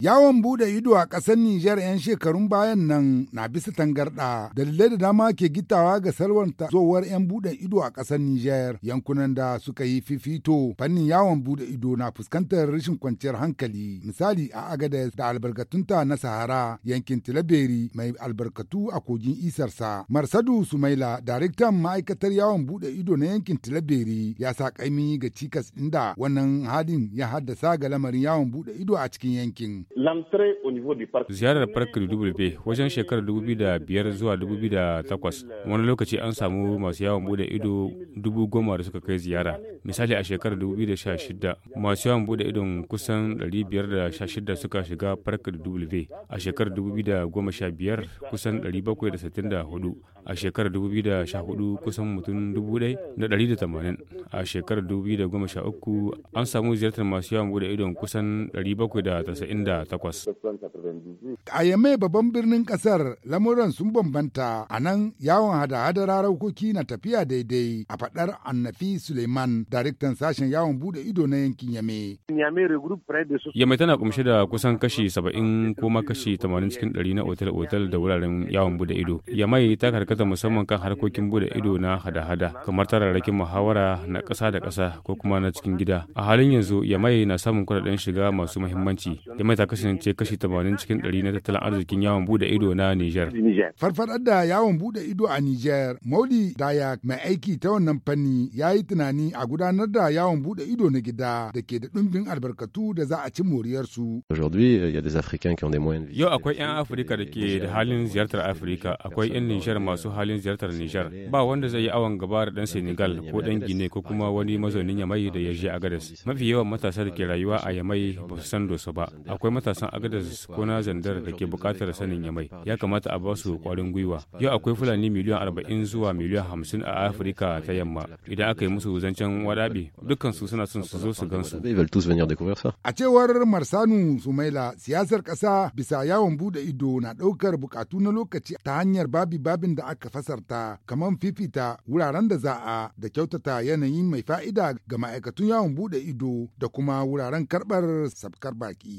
Yawon bude ido a ƙasar Nijar 'yan shekarun bayan nan na bisa tangarɗa. Dalilai da dama ke gitawa ga salwanta zowar 'yan bude ido a ƙasar Nijar yankunan da suka yi fifito. Fannin yawon bude ido na fuskantar rashin kwanciyar hankali. Misali a Agadez da albarkatunta na Sahara yankin Tilaberi mai albarkatu a kogin Isarsa. Marsadu Sumaila, daraktan ma'aikatar yawon bude ido na yankin Tilaberi ya sa ƙaimi ga cikas inda wannan halin ya haddasa ga lamarin yawon bude ido a cikin yankin. Ziyarar Park Dubulbe wajen shekarar 2005 zuwa 2008 wani lokaci an samu masu yawon bude ido dubu goma da suka kai ziyara. Misali a shekarar 2016 masu yawon bude idon kusan 516 suka shiga Park Dubulbe. A shekarar 2015 kusan 764. A shekarar 2014 kusan mutum tamanin A shekarar 2013 an samu ziyartar masu yawon bude idon kusan 790 A yamma babban birnin kasar lamuran sun bambanta a nan yawon hada-hadar haraukoki na tafiya daidai a fadar Annafi Suleiman daraktan sashen yawon bude ido na yankin Yame. Yame tana kumshe da kusan kashi saba'in ko ma kashi tamanin cikin ɗari na otal-otal da wuraren yawon bude ido. Yamai ta karkata musamman kan harkokin bude ido na hada-hada kamar tararrakin muhawara na ƙasa da ƙasa ko kuma na cikin gida. A halin yanzu Yame na samun kuɗaɗen shiga masu muhimmanci. Yame ta kasance kashi 80 cikin 100 na tattalin arzikin yawon buɗe ido na Nijar. Farfadar da yawon buɗe ido a Nijar, Mauli Dayak mai aiki ta wannan fanni ya yi tunani a gudanar da yawon buɗe ido na gida da ke da ɗumbin albarkatu da za a ci moriyarsu. Euh, Yau akwai 'yan Afirka da ke da halin ziyartar Afirka, akwai 'yan Nijar masu halin ziyartar Nijar. Ba wanda zai yi awon gaba da ɗan Senegal ko ɗan Gine ko kuma wani mazaunin Yamai da ya je a gadas Mafi yawan matasa da ke rayuwa a Yamai ba su san dosa ba. Akwai matasan agadar ko zandar da ke bukatar sanin yamai ya kamata a ba su kwarin gwiwa yau akwai fulani miliyan arba'in zuwa miliyan hamsin a afirka ta yamma idan aka yi musu zancen wadabi dukkan su suna son su zo su gansu a cewar marsanu sumaila siyasar kasa bisa yawon bude ido na daukar bukatu na lokaci ta hanyar babi babin da aka fasarta kamar fifita wuraren da za a da kyautata yanayi mai fa'ida ga ma'aikatun yawon bude ido da kuma wuraren karbar sabkar baki